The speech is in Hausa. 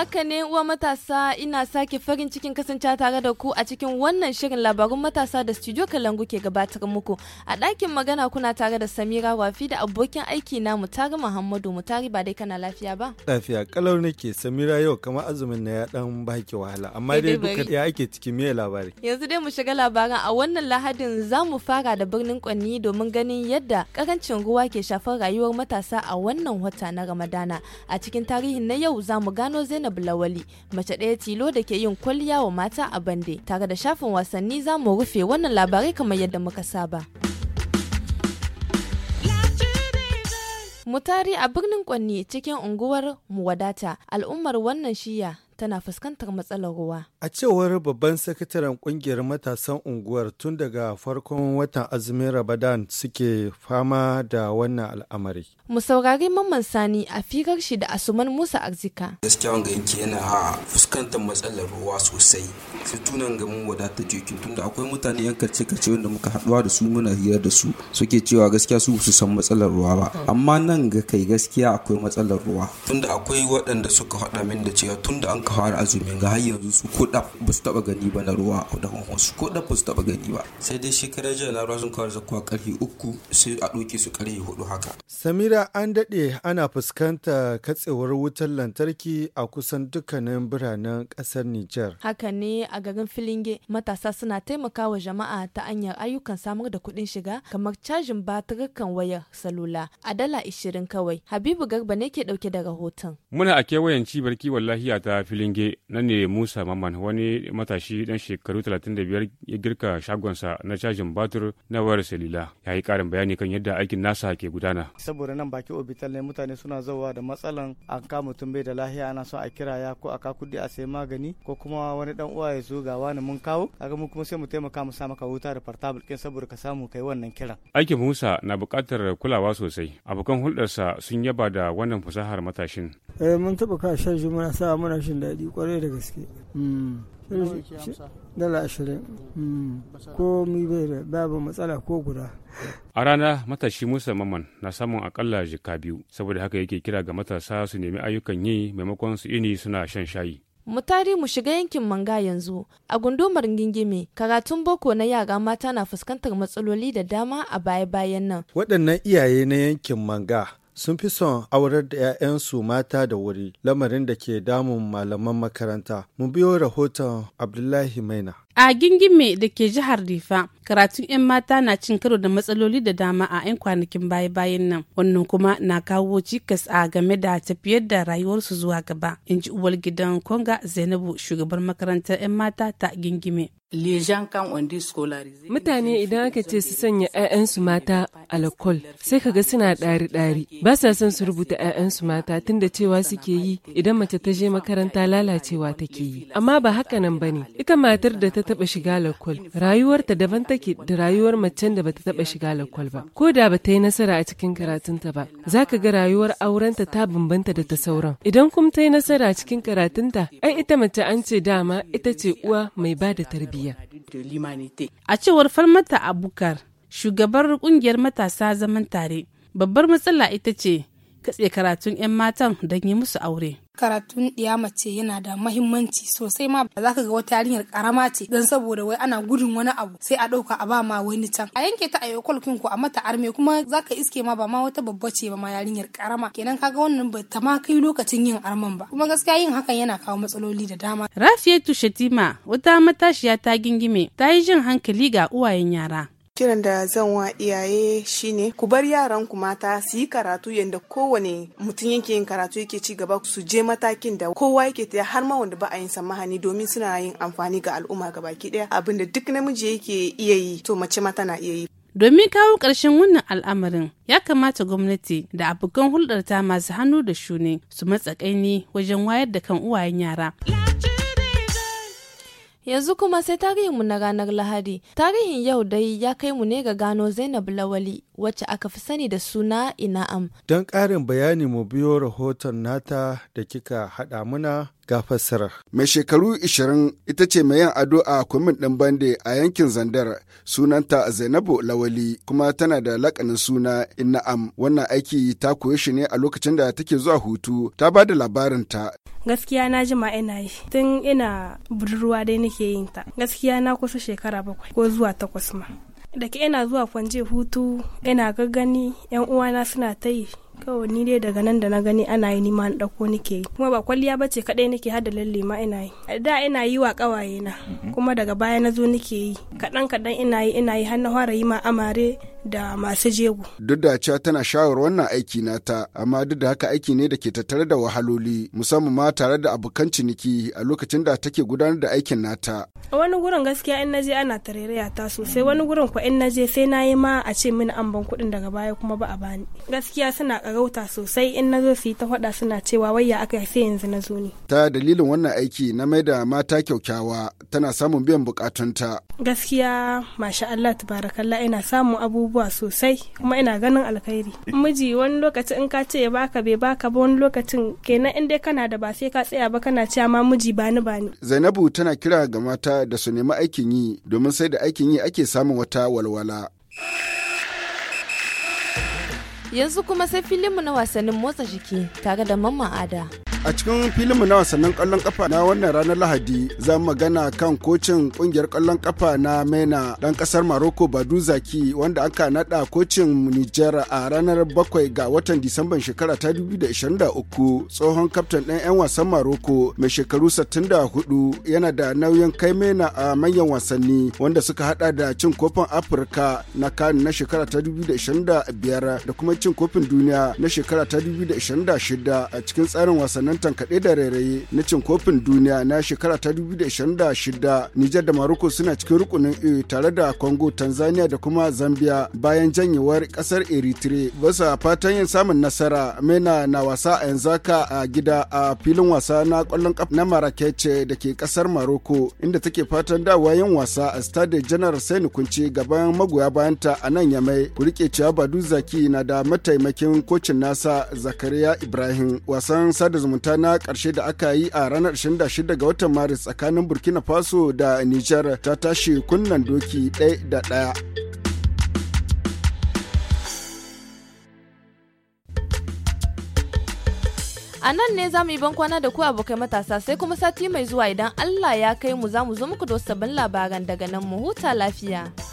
Haka ne uwa matasa ina sake farin cikin kasancewa tare da ku a cikin wannan shirin labarun matasa da studio Kalangu ke gabatar muku. A ɗakin magana kuna tare da Samira Wafi da abokin aiki na Mutari Muhammadu Mutari ba dai kana lafiya ba? Lafiya kalau nake Samira yau kamar azumin na ya dan baki wahala amma dai duka ya ake cikin me labari. Yanzu dai mu shiga labaran a wannan Lahadin za mu fara da birnin Kwanni domin ganin yadda karancin ruwa ke shafar rayuwar matasa a wannan wata na Ramadana. A cikin tarihin na yau za mu gano Zainab Zainab Lawali mace ɗaya tilo da ke yin kwalliya wa mata a bande tare da shafin wasanni za mu rufe wannan labarai kamar yadda muka saba. Mutari a birnin Kwanni cikin unguwar Muwadata al'ummar wannan shiya tana fuskantar matsalar ruwa. A cewar babban sakataren kungiyar matasan unguwar tun daga farkon watan azumin Ramadan suke fama da wannan al'amari. Mu saurari Mamman Sani a firar shi da Asuman Musa Arzika. Gaskiya wanga yake yana fuskantar matsalar ruwa sosai. Su tunan ga mun wadatar jikin tunda akwai mutane yan karce karce wanda muka haduwa da su muna hira da su suke cewa gaskiya su su san matsalar ruwa ba amma nan ga kai gaskiya akwai matsalar ruwa tunda akwai waɗanda suka faɗa min da cewa tunda an suka fara azumin ga har yanzu su ko da ba su taba gani ba na ruwa da hon su ko da ba su taba gani ba sai dai shekarar jiya na ruwa sun kawar zakuwa karfe uku sai a ɗauke su karfe hudu haka. samira an daɗe ana fuskanta katsewar wutar lantarki a kusan dukkanin biranen ƙasar nijar. haka ne a garin filinge matasa suna taimakawa jama'a ta hanyar ayyukan samar da kuɗin shiga kamar cajin batirkan waya salula a dala ishirin kawai habibu garba ne ke ɗauke da rahoton. muna a kewayen cibar kiwon lafiya ta filin Filinge na ne Musa Maman wani matashi dan shekaru 35 ya girka shagonsa na cajin batur na wayar salila. Ya yi karin bayani kan yadda aikin nasa ke gudana. Saboda nan baki obital ne mutane suna zawa da matsalan an ka mutum bai da lahiya ana son a kiraya ko a ka kudi a sai magani ko kuma wani dan uwa ya zo ga wani mun kawo kaga mu kuma sai mu taimaka mu sa maka wuta da fartabul kin saboda ka samu kai wannan kiran. Aikin Musa na buƙatar kulawa sosai. Abokan hulɗarsa sun yaba da wannan fasahar matashin. Eh mun taɓa ka shan muna sa muna shin daɗi kwarai da gaske hmm. hmm. matsala ko guda a rana matashi musa maman na samun akalla jika biyu saboda haka yake kira ga matasa su nemi ayyukan yi maimakon su ini suna shan shayi mu tari mu shiga yankin manga yanzu a gundumar gingime karatun boko na yara mata na fuskantar matsaloli da dama a baya-bayan nan waɗannan iyaye na yankin manga sun fi son aurar da 'ya'yansu mata da wuri, lamarin da ke damun malaman makaranta. Mu biyo rahoton Abdullahi Maina. A gingime da ke jihar Rifa, karatun 'yan mata na cin karo da matsaloli da dama a 'yan kwanakin baya-bayan nan. Wannan kuma na kawo cikas a game da tafiyar da rayuwarsu zuwa gaba, in ji uwar gidan Konga Zainabu shugabar makarantar 'yan mata ta gingime. Mutane idan aka ce su sanya 'ya'yansu mata alkol sai kaga suna ɗari-ɗari ba sa son su rubuta 'ya'yansu mata tunda cewa suke yi idan mace ta je makaranta lalacewa take yi. Amma ba haka nan ba ne, ita matar da ta ta taba shiga lakwal rayuwarta daban take da rayuwar macen da bata taba shiga lakwal ba ko da ba ta yi nasara a cikin karatunta ba zaka ga rayuwar aurenta ta bambanta da ta sauran idan kum ta yi nasara a cikin karatunta ai ita mace an ce dama ita ce uwa mai ba da tarbiyya a cewar falmata abukar shugabar kungiyar matasa zaman tare babbar matsala ita ce katse karatun 'yan matan don yi musu aure. Karatun ɗiya mace yana da mahimmanci sosai ma ba za ka ga wata yarinyar karama ce don saboda wai ana gudun wani abu sai a ɗauka a ba ma wani can. A yanke ta a yi kwalkin ku a mata arme kuma za ka iske ma ba ma wata babba ce ba ma yarinyar karama kenan ka ga wannan ba ta ma kai lokacin yin arman ba kuma gaskiya yin hakan yana kawo matsaloli da dama. Rafiyatu Shatima wata matashiya ta gingime ta yi jin hankali ga uwayen yara. kiran da zan wa iyaye shine ku bar yaran ku mata su yi karatu yadda kowane mutum yake yin karatu yake ci gaba su je matakin da kowa yake ta har ma wanda ba a yin samahani domin suna yin amfani ga al'umma gabaki daya abinda duk namiji yake iya yi to mace ma tana iya yi Domin kawo ƙarshen wannan al'amarin, ya kamata gwamnati da abokan hulɗarta masu hannu da shuni su matsakaini wajen wayar da kan uwayen yara. Yanzu kuma sai tarihin mu na ranar Lahadi. Tarihin yau dai ya kai mu ne ga gano Zainab Lawali wacce aka fi sani da suna Ina'am. Don ƙarin bayani mu biyo rahoton nata da kika haɗa muna ga fassara. Mai shekaru 20 ita ce mai yin ado a kwamin ɗin bande a yankin Zandar sunanta Zainabu Lawali kuma tana da lakanin suna Inna'am wannan aiki ta koyi shi ne a lokacin da take zuwa hutu ta ba da labarinta. Gaskiya na jima ina yi tun ina budurwa dai nake yin ta gaskiya na kusa shekara bakwai ko zuwa takwas ma. Da ke ina zuwa kwanje hutu ina gaggani 'yan uwana suna ta yi kawai ni dai daga nan da na gani ana yi ni ma na dauko nake yi kuma ba kwalliya ba ce kaɗai nake har lalle ma ina yi da ina yi wa kawaye na mhm. kuma daga baya na zo nake yi kaɗan kadan ina yi ina yi har na fara yi ma amare da masu jego. Duk da cewa tana shawar wannan aiki nata, amma duk da haka aiki ne da ke tattare da wahaloli, musamman ma tare da abokan ciniki a lokacin da take gudanar da aikin nata. A wani gurin gaskiya in naje ana tarairaya ta sosai, wani gurin ko in naje sai na yi ma a ce mini an ban kuɗin daga baya kuma ba a bani. Gaskiya suna karauta sosai in na zo su yi ta faɗa suna cewa wayya aka yi sai yanzu na zo ne. Ta dalilin wannan aiki na mai da mata kyaukyawa tana samun biyan bukatunta. Gaskiya masha Allah tabarakallah ina samun abubuwa sosai kuma ina ganin alkhairi. Miji wani lokaci in ka ce ya baka bai baka ba wani lokacin kenan in dai kana da ba sai ka tsaya ba kana cewa ma miji bani bani. Zainabu tana kira ga mata da su nemi aikin yi domin sai da aikin yi ake samun wata walwala. Yanzu kuma sai filinmu na wasannin motsa jiki tare da Mamman Ada. A cikin filinmu na wasannin ƙwallon kafa na wannan ranar Lahadi za magana kan kocin ƙungiyar ƙwallon kafa na MENA ɗan ƙasar Maroko Badu Zaki wanda aka naɗa kocin Nijar a ranar bakwai ga watan Disamban shekara ta 2023 tsohon kaftan ɗan 'yan wasan Maroko mai shekaru 64 yana da nauyin kai MENA a manyan wasanni wanda suka hada da cin kofin Afirka na kan na shekara ta 2025 da kuma cin kofin duniya na shekara ta 2026 a cikin tsarin wasannin wasannin tankaɗe da rairaye na cin kofin duniya na shekara ta 2026 Nijar da Maroko suna cikin rukunin E tare da Congo, Tanzania da kuma Zambia bayan janyewar ƙasar Eritrea. Basa fatan yin samun nasara Mena na wasa a yanzu haka a gida a filin wasa na ƙwallon ƙafa na Marrakech da ke ƙasar Maroko inda take fatan dawa yin wasa a Stade janar Sani Kunce gaban magoya bayanta a nan Yamai. Ku riƙe cewa Badu Zaki na da mataimakin kocin nasa Zakariya Ibrahim wasan sada zumunta makusanta na ƙarshe da aka yi a ranar 26 ga watan Maris tsakanin Burkina Faso da niger ta tashi kunnan doki ɗaya da ɗaya. A nan ne za mu yi bankwana da ku abokai matasa sai kuma sati mai zuwa idan Allah ya kai mu za mu zo muku da sabbin labaran daga nan mu huta lafiya.